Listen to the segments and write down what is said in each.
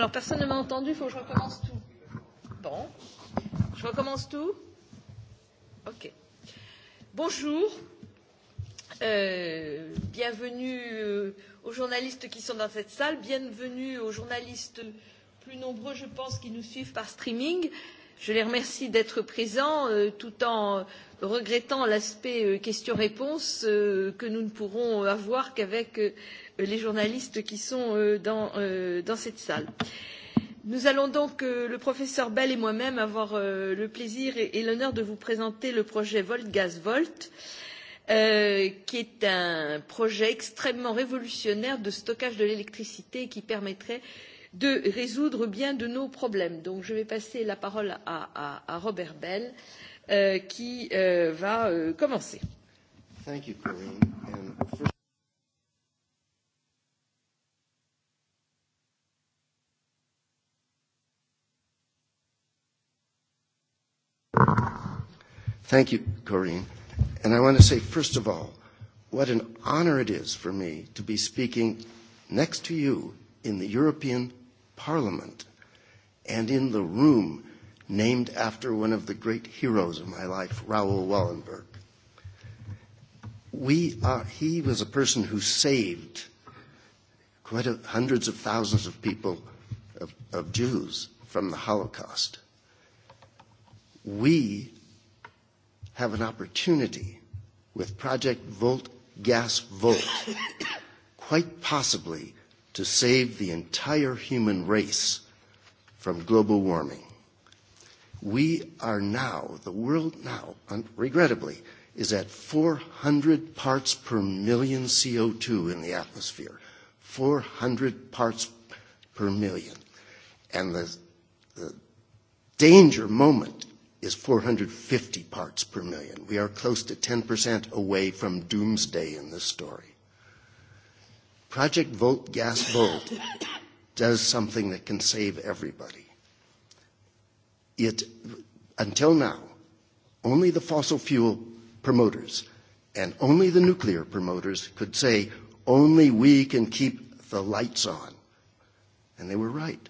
Alors, personne ne m'a entendu, il faut que je recommence tout. Bon, je recommence tout Ok. Bonjour, euh, bienvenue aux journalistes qui sont dans cette salle, bienvenue aux journalistes plus nombreux, je pense, qui nous suivent par streaming. Euh, Je les remercie d'être présents tout en regrettant l'aspect questions-réponses que nous ne pourrons avoir qu'avec les journalistes qui sont dans, cette salle. Nous allons donc, le professeur Bell et moi-même, avoir le plaisir et, l'honneur de vous présenter le projet Volt Gaz Volt, qui est un projet extrêmement révolutionnaire de stockage de l'électricité qui permettrait de résoudre bien de nos problèmes. Donc je vais passer la parole à, Robert Bell qui va commencer. Thank you, Corinne. And I want to say, first of all, what an honor it is for me to be speaking next to you in the European Parliament and in the room named after one of the great heroes of my life, Raoul Wallenberg. We are, he was a person who saved quite a, hundreds of thousands of people, of, of Jews, from the Holocaust. We have an opportunity with Project Volt Gas Volt, quite possibly to save the entire human race from global warming. We are now, the world now, regrettably, is at 400 parts per million CO2 in the atmosphere. 400 parts per million. And the, the danger moment is 450 parts per million. We are close to 10% away from doomsday in this story. Project Vote Gas Vote does something that can save everybody. It, until now, only the fossil fuel promoters and only the nuclear promoters could say, only we can keep the lights on. And they were right,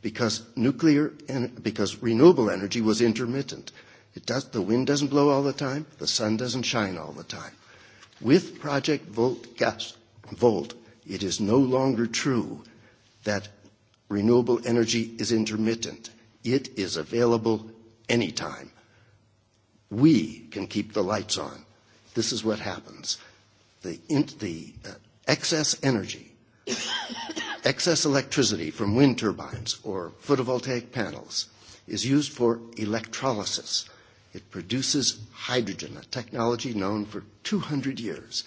because nuclear and because renewable energy was intermittent. It does, the wind doesn't blow all the time, the sun doesn't shine all the time. With Project Volt Gas Volt, It is no longer true that renewable energy is intermittent. It is available anytime. We can keep the lights on. This is what happens. The, in, the uh, excess energy, excess electricity from wind turbines or photovoltaic panels is used for electrolysis. It produces hydrogen, a technology known for 200 years.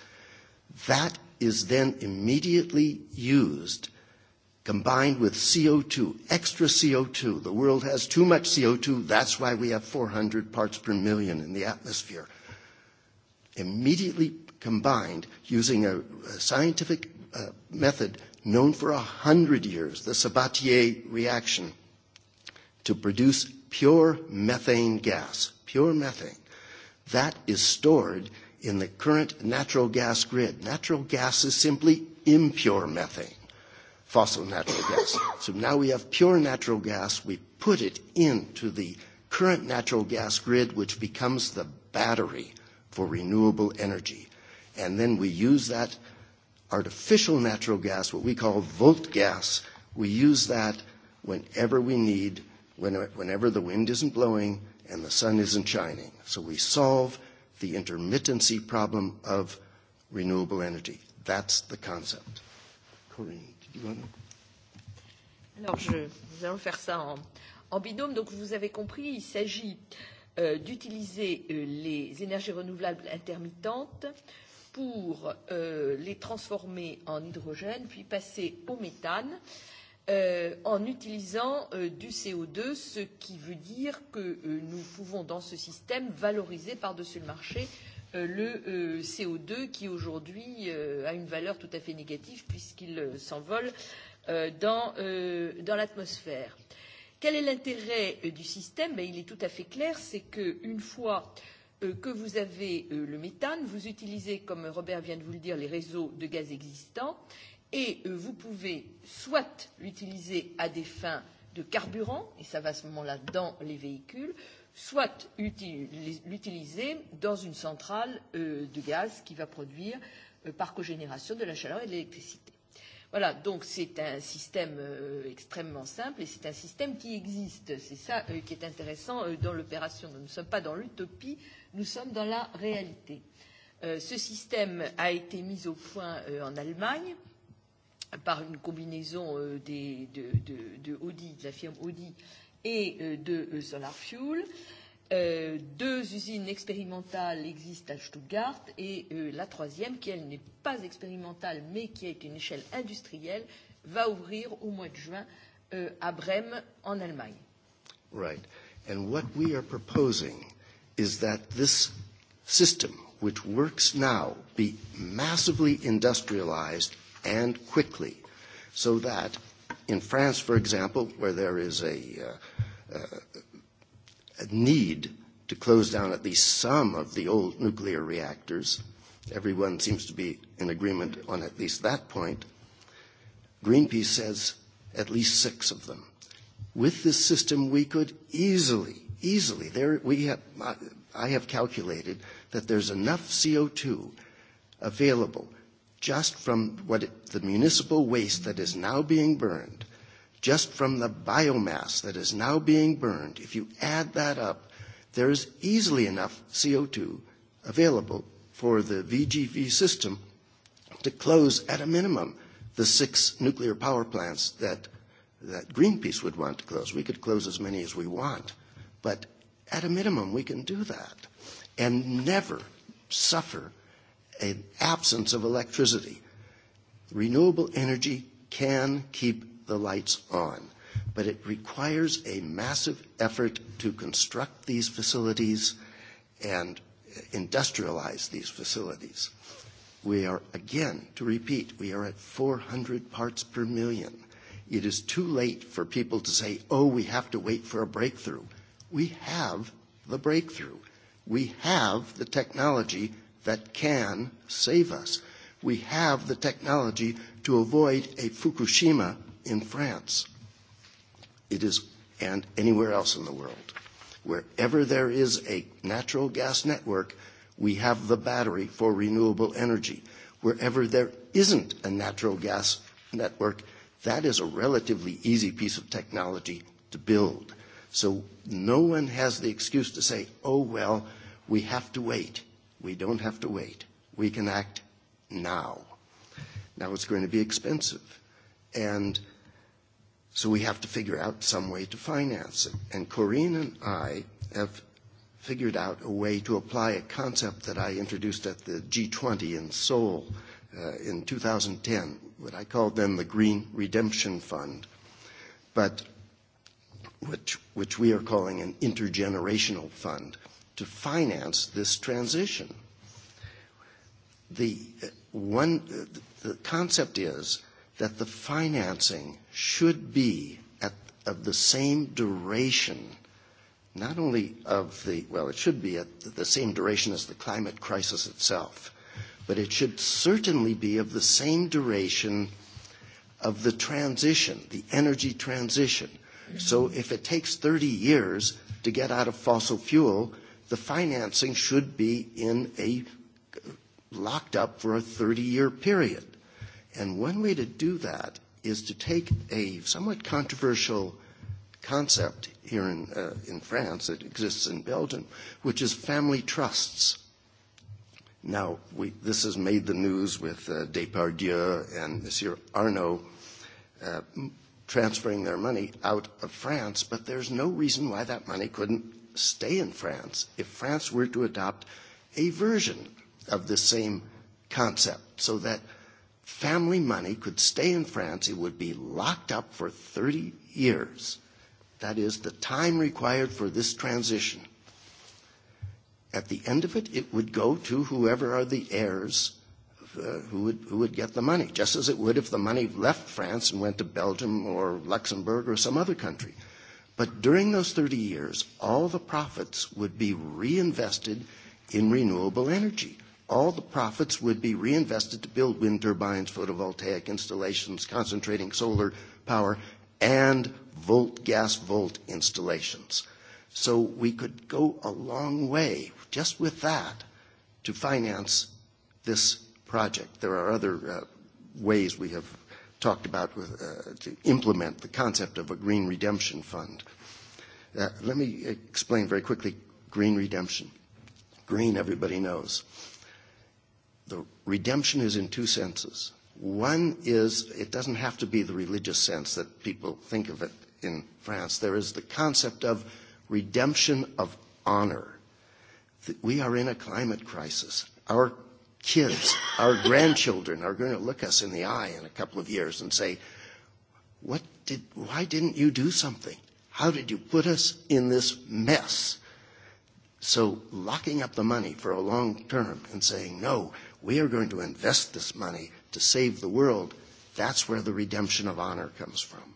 That is then immediately used combined with CO2, extra CO2. The world has too much CO2. That's why we have 400 parts per million in the atmosphere. Immediately combined using a, a scientific uh, method known for a hundred years, the Sabatier reaction, to produce pure methane gas, pure methane. That is stored in the current natural gas grid. Natural gas is simply impure methane, fossil natural gas. So now we have pure natural gas. We put it into the current natural gas grid, which becomes the battery for renewable energy. And then we use that artificial natural gas, what we call volt gas, we use that whenever we need, whenever the wind isn't blowing and the sun isn't shining. So we solve the intermittency problem of renewable energy. That's the concept. Corinne, did you want to? Alors, je, nous allons faire ça en, en binôme. Donc, vous avez compris, il s'agit euh, d'utiliser euh, les énergies renouvelables intermittentes pour euh, les transformer en hydrogène, puis passer au méthane. Euh, en utilisant du co deux, ce qui veut dire que nous pouvons dans ce système valoriser par-dessus le marché le co deux qui aujourd'hui a une valeur tout à fait négative puisqu'il s'envole dans l'atmosphère. Quel est l'intérêt du système Il est tout à fait clair, c'est qu'une fois que vous avez le méthane, vous utilisez, comme Robert vient de vous le dire, les réseaux de gaz existants et vous pouvez soit l'utiliser à des fins de carburant, et ça va à ce moment-là dans les véhicules, soit l'utiliser dans une centrale de gaz qui va produire par cogénération de la chaleur et de l'électricité. Voilà, donc c'est un système extrêmement simple et c'est un système qui existe. C'est ça qui est intéressant dans l'opération. Nous ne sommes pas dans l'utopie, nous sommes dans la réalité. ce système a été mis au point en Allemagne par une combinaison euh, des, de, de, de Audi, de la firme Audi et euh, de euh, Solar Fuel. Euh, deux usines expérimentales existent à Stuttgart et euh, la troisième, qui elle n'est pas expérimentale mais qui est une échelle industrielle, va ouvrir au mois de juin euh, à Brême en Allemagne. Right. And what we are proposing is that this system, which works now, be massively industrialized and quickly, so that in France, for example, where there is a, uh, a need to close down at least some of the old nuclear reactors, everyone seems to be in agreement on at least that point. Greenpeace says at least six of them. With this system, we could easily, easily, there we have, I have calculated that there's enough CO2 available just from what it, the municipal waste that is now being burned, just from the biomass that is now being burned, if you add that up, there is easily enough CO2 available for the VGV system to close at a minimum the six nuclear power plants that, that Greenpeace would want to close. We could close as many as we want, but at a minimum, we can do that and never suffer an absence of electricity. Renewable energy can keep the lights on, but it requires a massive effort to construct these facilities and industrialize these facilities. We are, again, to repeat, we are at 400 parts per million. It is too late for people to say, oh, we have to wait for a breakthrough. We have the breakthrough. We have the technology that can save us. We have the technology to avoid a Fukushima in France. It is, and anywhere else in the world. Wherever there is a natural gas network, we have the battery for renewable energy. Wherever there isn't a natural gas network, that is a relatively easy piece of technology to build. So no one has the excuse to say, oh, well, we have to wait. We don't have to wait. We can act now. Now it's going to be expensive. And so we have to figure out some way to finance it. And Corinne and I have figured out a way to apply a concept that I introduced at the G20 in Seoul uh, in 2010, what I called then the Green Redemption Fund, but which, which we are calling an intergenerational fund. Uh, to finance this transition. The, one, the concept is that the financing should be at, of the same duration, not only of the, well, it should be at the same duration as the climate crisis itself, but it should certainly be of the same duration of the transition, the energy transition. So if it takes 30 years to get out of fossil fuel, the financing should be in a locked up for a 30 year period. And one way to do that is to take a somewhat controversial concept here in, uh, in France that exists in Belgium, which is family trusts. Now, we, this has made the news with uh, Depardieu and Monsieur Arnaud uh, transferring their money out of France, but there's no reason why that money couldn't stay in France if France were to adopt a version of the same concept so that family money could stay in France. It would be locked up for 30 years. That is the time required for this transition. At the end of it, it would go to whoever are the heirs uh, who, would, who would get the money, just as it would if the money left France and went to Belgium or Luxembourg or some other country. But during those 30 years, all the profits would be reinvested in renewable energy. All the profits would be reinvested to build wind turbines, photovoltaic installations, concentrating solar power, and volt gas volt installations. So we could go a long way just with that to finance this project. There are other uh, ways we have talked about with, uh, to implement the concept of a green redemption fund. Uh, let me explain very quickly green redemption. Green, everybody knows. The redemption is in two senses. One is it doesn't have to be the religious sense that people think of it in France. There is the concept of redemption of honor. We are in a climate crisis. Our kids, our grandchildren are going to look us in the eye in a couple of years and say, what did, why didn't you do something? How did you put us in this mess? So locking up the money for a long term and saying, no, we are going to invest this money to save the world, that's where the redemption of honor comes from.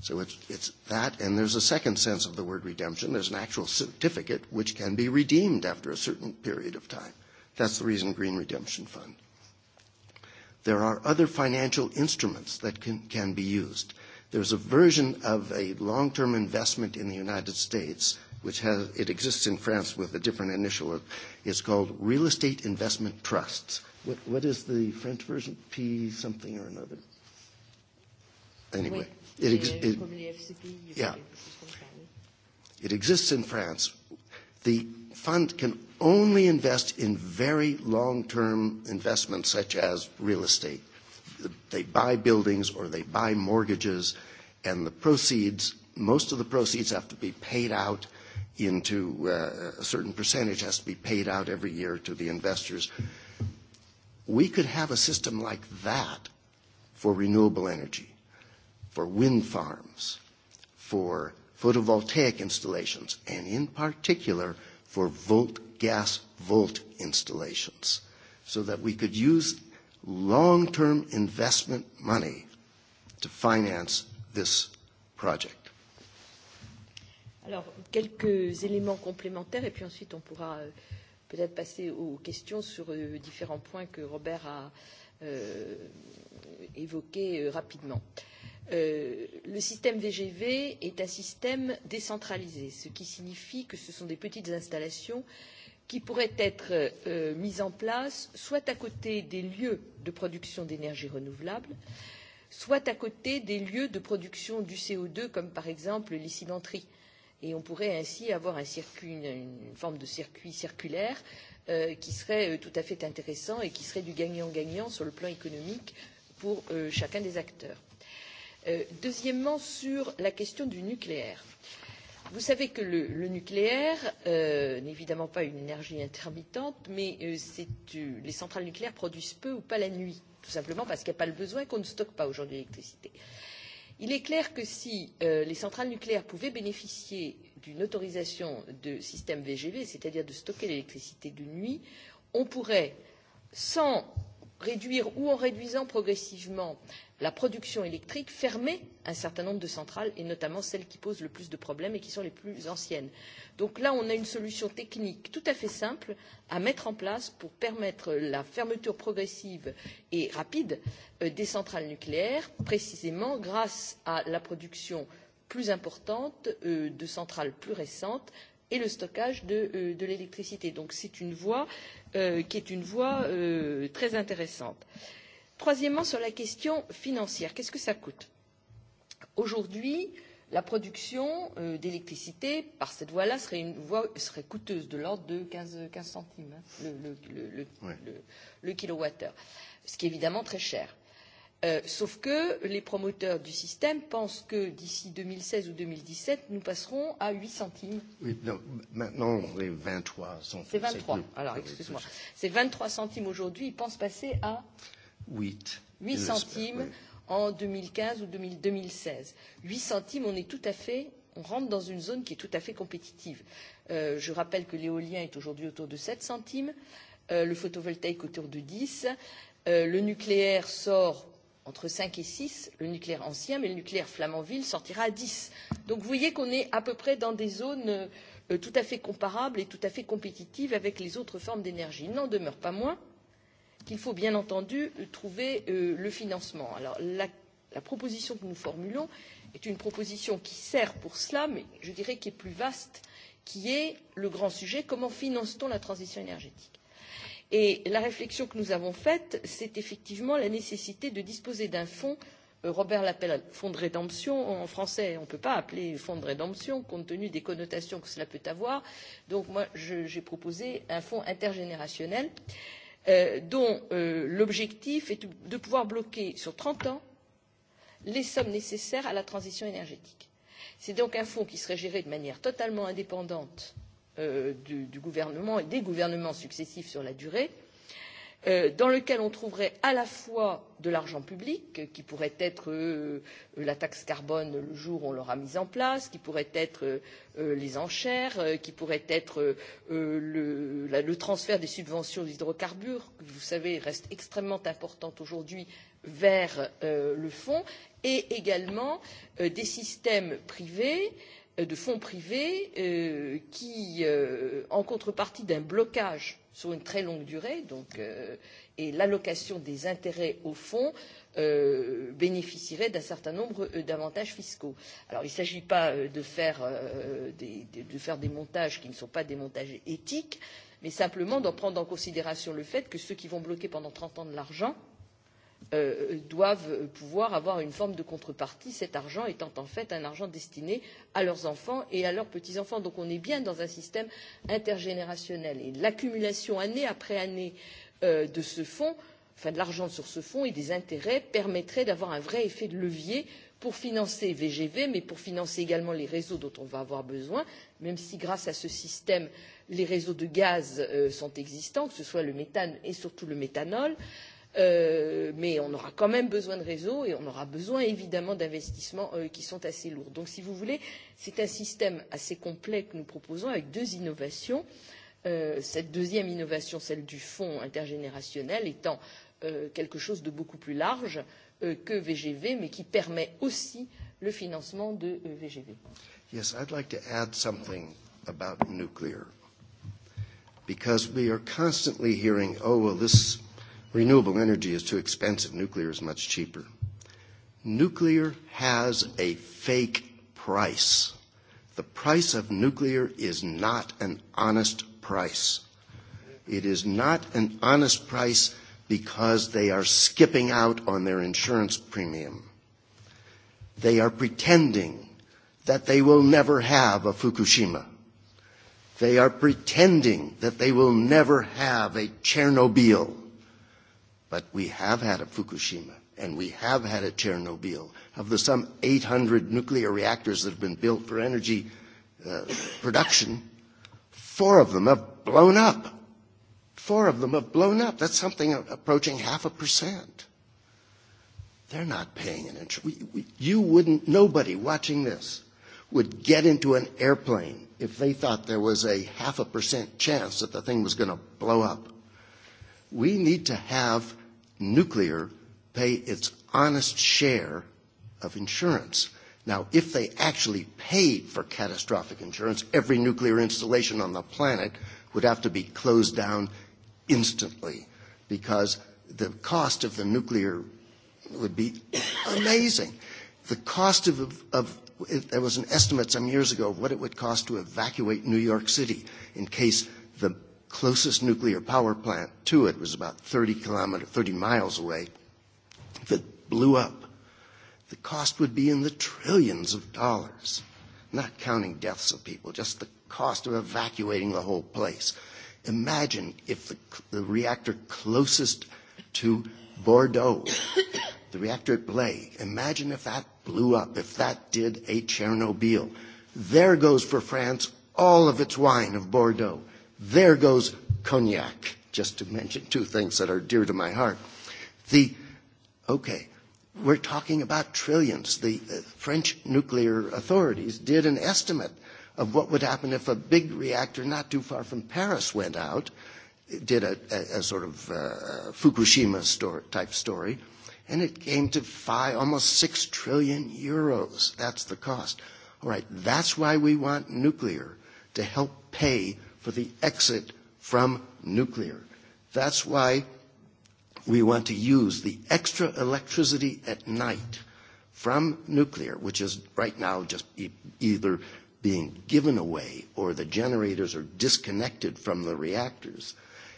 So it's, it's that, and there's a second sense of the word redemption. There's an actual certificate which can be redeemed after a certain period of time. That's the reason Green Redemption Fund. There are other financial instruments that can, can be used. There's a version of a long-term investment in the United States, which has, it exists in France with a different initial. It's called Real Estate Investment Trusts. What, what is the French version? P something or another. Anyway, it, ex- it, yeah, it exists in France. The fund can only invest in very long-term investments such as real estate. They buy buildings or they buy mortgages, and the proceeds, most of the proceeds have to be paid out into uh, a certain percentage has to be paid out every year to the investors. We could have a system like that for renewable energy, for wind farms, for photovoltaic installations, and in particular – for volt, gas volt installations so that we could use long-term investment money to finance this project. Alors, quelques éléments complémentaires et puis ensuite on pourra euh, peut-être passer aux questions sur euh, différents points que Robert a euh, évoqués euh, rapidement. Euh, le système VGV est un système décentralisé, ce qui signifie que ce sont des petites installations qui pourraient être mises en place soit à côté des lieux de production d'énergie renouvelable, soit à côté des lieux de production du co deux, comme par exemple les cimenteries. Et on pourrait ainsi avoir un circuit, une, forme de circuit circulaire qui serait tout à fait intéressant et qui serait du gagnant-gagnant sur le plan économique pour chacun des acteurs deuxièmement, sur la question du nucléaire. Vous savez que le, nucléaire n'est évidemment pas une énergie intermittente, mais les centrales nucléaires produisent peu ou pas la nuit, tout simplement parce qu'il n'y a pas le besoin et qu'on ne stocke pas aujourd'hui l'électricité. Il est clair que si les centrales nucléaires pouvaient bénéficier d'une autorisation de système VGV, c'est-à-dire de stocker l'électricité de nuit, on pourrait, sans réduire ou en réduisant progressivement la production électrique, fermer un certain nombre de centrales, et notamment celles qui posent le plus de problèmes et qui sont les plus anciennes. Donc là, on a une solution technique tout à fait simple à mettre en place pour permettre la fermeture progressive et rapide des centrales nucléaires, précisément grâce à la production plus importante de centrales plus récentes et le stockage de, l'électricité. Donc c'est une voie qui est une voie très intéressante. Troisièmement, sur la question financière, qu'est-ce que cela coûte Aujourd'hui, la production d'électricité par cette voie-là serait, une voie, serait coûteuse de l'ordre de 15, 15 centimes le, le, le, le, le, kilowattheure, ce qui est évidemment très cher. Euh, sauf que les promoteurs du système pensent que d'ici deux mille seize ou deux mille dix sept nous passerons à huit centimes. Oui, non, maintenant on est vingt trois centimes. C'est vingt trois. Alors excuse moi. C'est vingt trois centimes aujourd'hui, ils pensent passer à huit centimes en deux mille quinze ou deux mille seize. Huit centimes, on est tout à fait on rentre dans une zone qui est tout à fait compétitive. je rappelle que l'éolien est aujourd'hui autour de sept centimes, le photovoltaïque autour de dix, le nucléaire sort entre cinq et six, le nucléaire ancien, mais le nucléaire Flamanville sortira à dix. Donc vous voyez qu'on est à peu près dans des zones tout à fait comparables et tout à fait compétitives avec les autres formes d'énergie. Il n'en demeure pas moins qu'il faut bien entendu trouver le financement. Alors la proposition que nous formulons est une proposition qui sert pour cela, mais je dirais qui est plus vaste, qui est le grand sujet comment finance t on la transition énergétique? Et la réflexion que nous avons faite, c'est effectivement la nécessité de disposer d'un fonds Robert l'appelle fonds de rédemption en français. On ne peut pas appeler fonds de rédemption compte tenu des connotations que cela peut avoir. Donc moi, j'ai proposé un fonds intergénérationnel dont l'objectif est de pouvoir bloquer sur trente ans les sommes nécessaires à la transition énergétique. C'est donc un fonds qui serait géré de manière totalement indépendante du, gouvernement et des gouvernements successifs sur la durée dans lequel on trouverait à la fois de l'argent public qui pourrait être la taxe carbone le jour où on l'aura mise en place qui pourrait être les enchères qui pourrait être le transfert des subventions aux hydrocarbures qui vous savez reste extrêmement importante aujourd'hui vers le fonds et également des systèmes privés de fonds privés qui, en contrepartie d'un blocage sur une très longue durée et l'allocation des intérêts au fonds, bénéficieraient d'un certain nombre d'avantages fiscaux. Alors, il ne s'agit pas de faire, des, montages qui ne sont pas des montages éthiques, mais simplement de prendre en considération le fait que ceux qui vont bloquer pendant trente ans de l'argent doivent pouvoir avoir une forme de contrepartie cet argent étant en fait un argent destiné à leurs enfants et à leurs petits enfants. donc on est bien dans un système intergénérationnel et l'accumulation année après année de ce fonds enfin de l'argent sur ce fonds et des intérêts permettrait d'avoir un vrai effet de levier pour financer VGV, mais pour financer également les réseaux dont on va avoir besoin, même si grâce à ce système, les réseaux de gaz sont existants, que ce soit le méthane et surtout le méthanol mais on aura quand même besoin de réseaux et on aura besoin évidemment d'investissements qui sont assez lourds. Donc si vous voulez, c'est un système assez complet que nous proposons avec deux innovations. cette deuxième innovation, celle du fonds intergénérationnel, étant quelque chose de beaucoup plus large que VGV, mais qui permet aussi le financement de VGV. Yes, I'd like to add something about nuclear. Because we are constantly hearing, oh, well, this renewable energy is too expensive. Nuclear is much cheaper. Nuclear has a fake price. The price of nuclear is not an honest price. It is not an honest price because they are skipping out on their insurance premium. They are pretending that they will never have a Fukushima. They are pretending that they will never have a Chernobyl. But we have had a Fukushima and we have had a Chernobyl. Of the some 800 nuclear reactors that have been built for energy uh, production, four of them have blown up. Four of them have blown up. That's something approaching half a percent. They're not paying an interest. We, we, you wouldn't, nobody watching this would get into an airplane if they thought there was a half a percent chance that the thing was going to blow up we need to have nuclear pay its honest share of insurance. Now, if they actually paid for catastrophic insurance, every nuclear installation on the planet would have to be closed down instantly because the cost of the nuclear would be amazing. The cost of, of there was an estimate some years ago of what it would cost to evacuate New York City in case the closest nuclear power plant to it was about 30 kilometers, 30 miles away. If it blew up, the cost would be in the trillions of dollars, not counting deaths of people, just the cost of evacuating the whole place. Imagine if the, the reactor closest to Bordeaux, the reactor at Blay, imagine if that blew up, if that did a Chernobyl. There goes for France all of its wine of Bordeaux. There goes cognac, just to mention two things that are dear to my heart. The, okay, we're talking about trillions. The uh, French nuclear authorities did an estimate of what would happen if a big reactor not too far from Paris went out, did a, a, a sort of uh, Fukushima story, type story, and it came to five, almost six trillion euros. That's the cost. All right, that's why we want nuclear to help pay for the exit from nuclear. That's why we want to use the extra electricity at night from nuclear, which is right now just e- either being given away or the generators are disconnected from the reactors.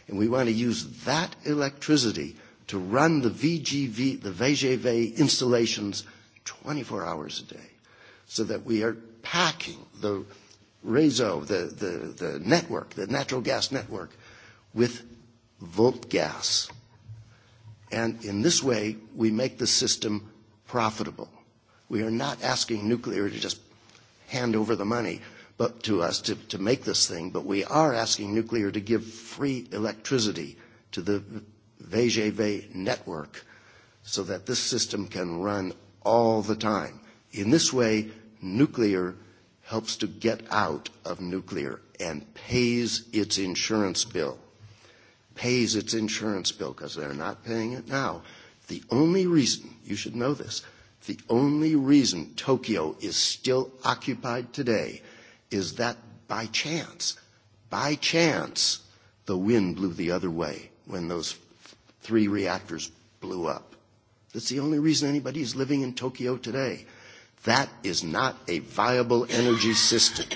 And we want to use that electricity to run the VGV, the VGV installations 24 hours a day so that we are packing the Rezo, the, the, the network, the natural gas network, with volt gas. And in this way, we make the system profitable. We are not asking nuclear to just hand over the money but to us to, to make this thing, but we are asking nuclear to give free electricity to the VGV network so that this system can run all the time. In this way, nuclear – helps to get out of nuclear and pays its insurance bill. Pays its insurance bill because they're not paying it now. The only reason, you should know this, the only reason Tokyo is still occupied today is that by chance, by chance, the wind blew the other way when those three reactors blew up. That's the only reason anybody is living in Tokyo today. That is not a viable energy system.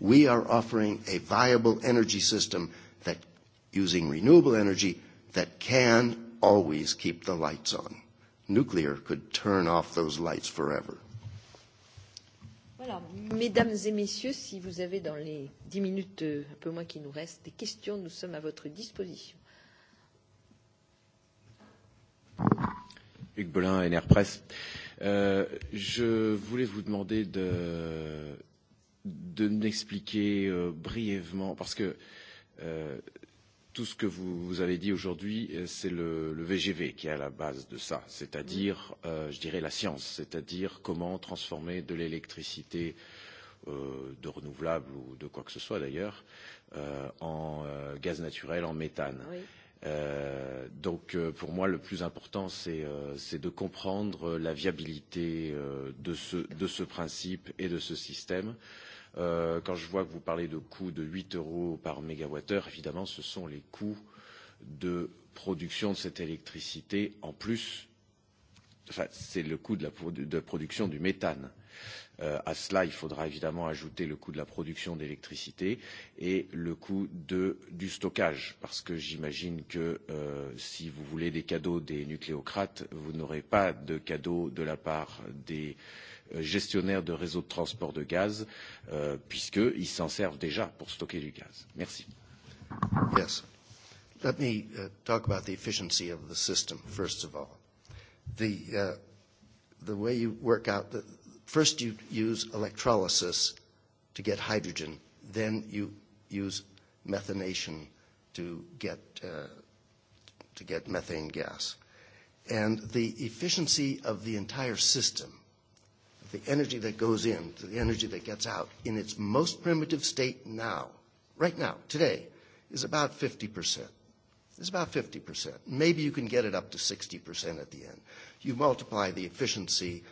We are offering a viable energy system that, using renewable energy, that can always keep the lights on. Nuclear could turn off those lights forever. Voilà, mesdames et messieurs, si vous avez dans les dix minutes, un peu moins qui nous restent, des questions, nous sommes à votre disposition. Hugues Belin, NR Presse. Euh, je voulais vous demander de, de m'expliquer euh, brièvement, parce que euh, tout ce que vous, vous avez dit aujourd'hui, c'est le, le VGV qui est à la base de ça, c'est-à-dire, euh, je dirais, la science, c'est-à-dire comment transformer de l'électricité euh, de renouvelable ou de quoi que ce soit d'ailleurs, euh, en euh, gaz naturel, en méthane. Oui donc pour moi, le plus important, c'est de comprendre la viabilité de, ce, principe et de ce système. quand je vois que vous parlez de coûts de huit euros par mégawattheure, évidemment, ce sont les coûts de production de cette électricité en plus. Enfin, c'est le coût de, la, de production du méthane à cela, il faudra évidemment ajouter le coût de la production d'électricité et le coût du stockage, parce que j'imagine que si vous voulez des cadeaux des nucléocrates, vous n'aurez pas de cadeaux de la part des gestionnaires de réseaux de transport de gaz, puisqu'ils s'en servent déjà pour stocker du gaz. Merci. Let me talk about the efficiency of the system, first of all. The way you work out First you use electrolysis to get hydrogen. Then you use methanation to get, uh, to get methane gas. And the efficiency of the entire system, the energy that goes in to the energy that gets out, in its most primitive state now, right now, today, is about 50%. It's about 50%. Maybe you can get it up to 60% at the end. You multiply the efficiency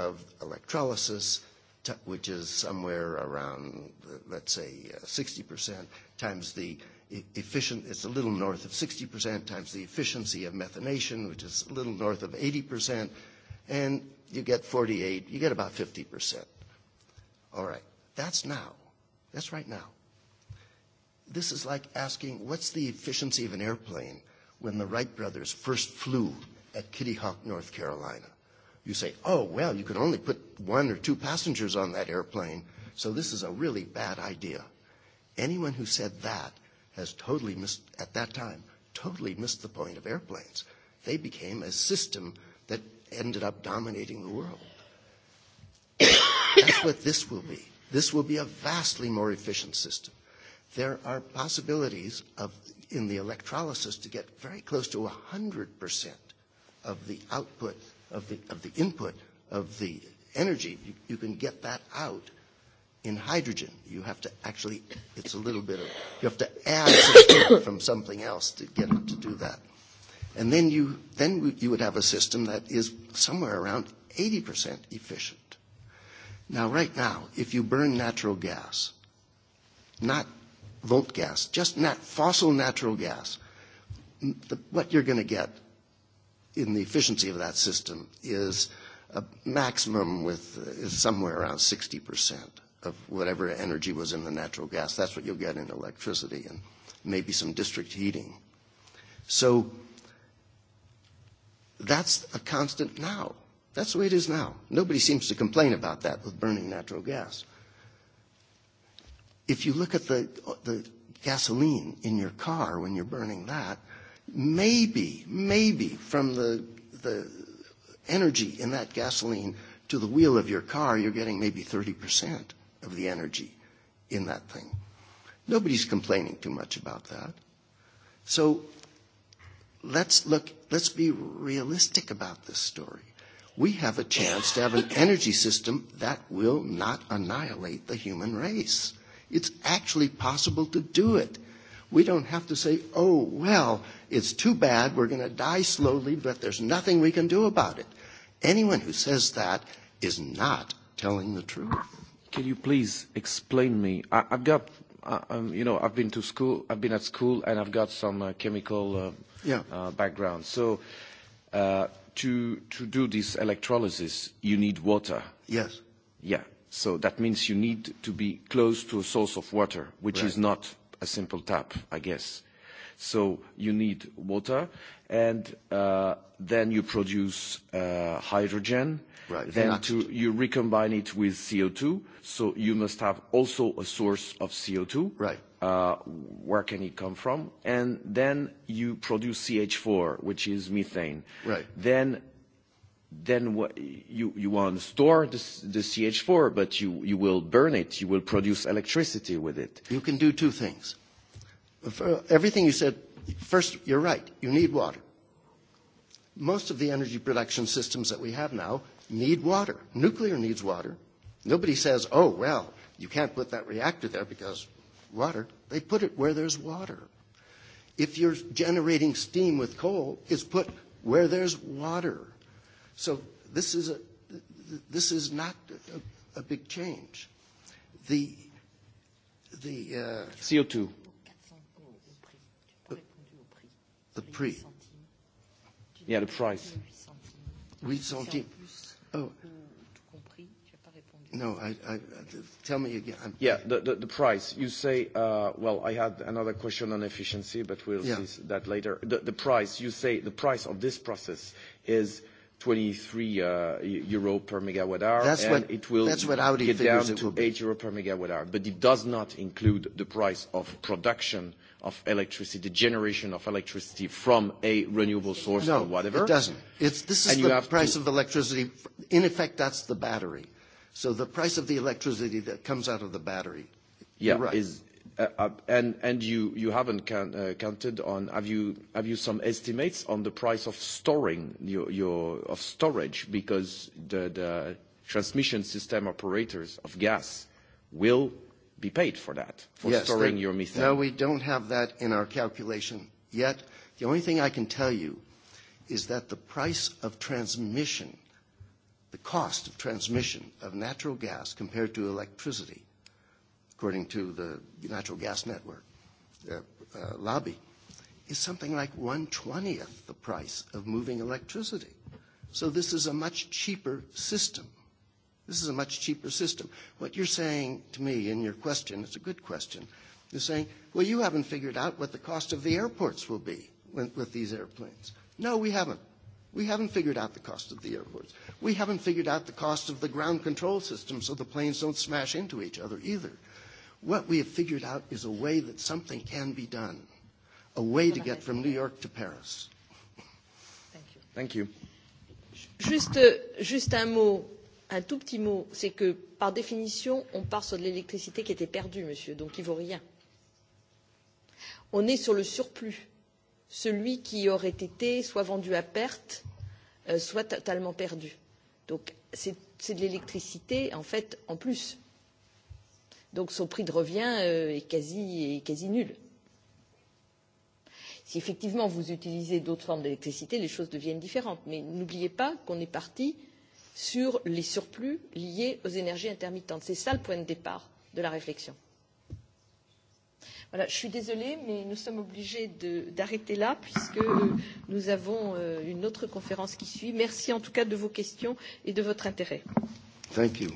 of electrolysis, which is somewhere around, let's say, 60% times the efficient, it's a little north of 60% times the efficiency of methanation, which is a little north of 80%, and you get 48, you get about 50%. All right, that's now. That's right now. This is like asking, what's the efficiency of an airplane when the Wright brothers first flew at Kitty Hawk, North Carolina? you say, oh, well, you can only put one or two passengers on that airplane, so this is a really bad idea. Anyone who said that has totally missed, at that time, totally missed the point of airplanes. They became a system that ended up dominating the world. That's what this will be. This will be a vastly more efficient system. There are possibilities of, in the electrolysis to get very close to 100% of the output of the, of the input of the energy, you, you can get that out in hydrogen. You have to actually, it's a little bit of, you have to add something from something else to get it to do that. And then you, then you would have a system that is somewhere around 80% efficient. Now, right now, if you burn natural gas, not volt gas, just nat- fossil natural gas, the, what you're going to get in the efficiency of that system is a maximum with is somewhere around 60% of whatever energy was in the natural gas. That's what you'll get in electricity and maybe some district heating. So that's a constant now. That's the way it is now. Nobody seems to complain about that with burning natural gas. If you look at the, the gasoline in your car when you're burning that, maybe, maybe from the, the energy in that gasoline to the wheel of your car, you're getting maybe 30% of the energy in that thing. Nobody's complaining too much about that. So let's look, let's be realistic about this story. We have a chance to have an energy system that will not annihilate the human race. It's actually possible to do it. We don't have to say, oh, well, it's too bad, we're going to die slowly, but there's nothing we can do about it. Anyone who says that is not telling the truth. Can you please explain me? I, I've got, uh, um, you know, I've been to school, I've been at school, and I've got some uh, chemical uh, yeah. uh, background. So uh, to, to do this electrolysis, you need water. Yes. Yeah. So that means you need to be close to a source of water, which right. is not a simple tap, I guess. So you need water, and uh, then you produce uh, hydrogen. Right. Then to, you recombine it with CO2, so you must have also a source of CO2. Right. Uh, where can it come from? And then you produce CH4, which is methane. Right. Then then what you, you to store the, the CH4, but you, you will burn it. You will produce electricity with it. You can do two things. everything you said, first, you're right. You need water. Most of the energy production systems that we have now need water. Nuclear needs water. Nobody says, oh, well, you can't put that reactor there because water. They put it where there's water. If you're generating steam with coal, it's put where there's water So this is, a, this is not a, a big change. The, the uh, CO2. The prix. Yeah, the price. 8 centimes. Oh. No, I, I, tell me again. I'm yeah, the, the, the price. You say, uh, well, I had another question on efficiency, but we'll yeah. see that later. The, the price, you say the price of this process is 23 euro per megawatt hour. That's what Audi figures it will be. what Audi get down to 8 euro per MWh. it does not include the price of production of electricity, generation of electricity from a renewable source or whatever. No, it doesn't. It's This is the price of electricity. In effect, that's the battery. the price of the electricity that comes out of the battery. Yeah. You're right And you haven't counted on. Have you some estimates on the price of storing your of storage? Because the transmission system operators of gas will be paid for that, for storing your methane. No, we don't have that in our calculation yet. The only thing I can tell you is that the price of transmission, the cost of transmission of natural gas compared to electricity according to the natural gas network uh, uh, lobby, is something like one twentieth the price of moving electricity. So this is a much cheaper system. This is a much cheaper system. What you're saying to me in your question, it's a good question, you're saying, well, you haven't figured out what the cost of the airports will be with, with these airplanes. No, we haven't. We haven't figured out the cost of the airports. We haven't figured out the cost of the ground control system so the planes don't smash into each other either. What we have figured out is a way that something can be done, a way to get from New York to Paris. Thank you. Juste, juste un mot, un tout petit mot, c'est que par définition, on part sur de l'électricité qui était perdue, monsieur, donc il ne vaut rien. On est sur le surplus, celui qui aurait été soit vendu à perte, soit totalement perdu. Donc c'est de l'électricité, en fait, en plus Donc son prix de revient est quasi, est quasi nul. Si effectivement vous utilisez d'autres formes d'électricité, les choses deviennent différentes. Mais n'oubliez pas qu'on est parti sur les surplus liés aux énergies intermittentes. C'est ça le point de départ de la réflexion. Voilà, je suis désolée, mais nous sommes obligés d'arrêter là puisque nous avons une autre conférence qui suit. Merci en tout cas de vos questions et de votre intérêt. Thank you.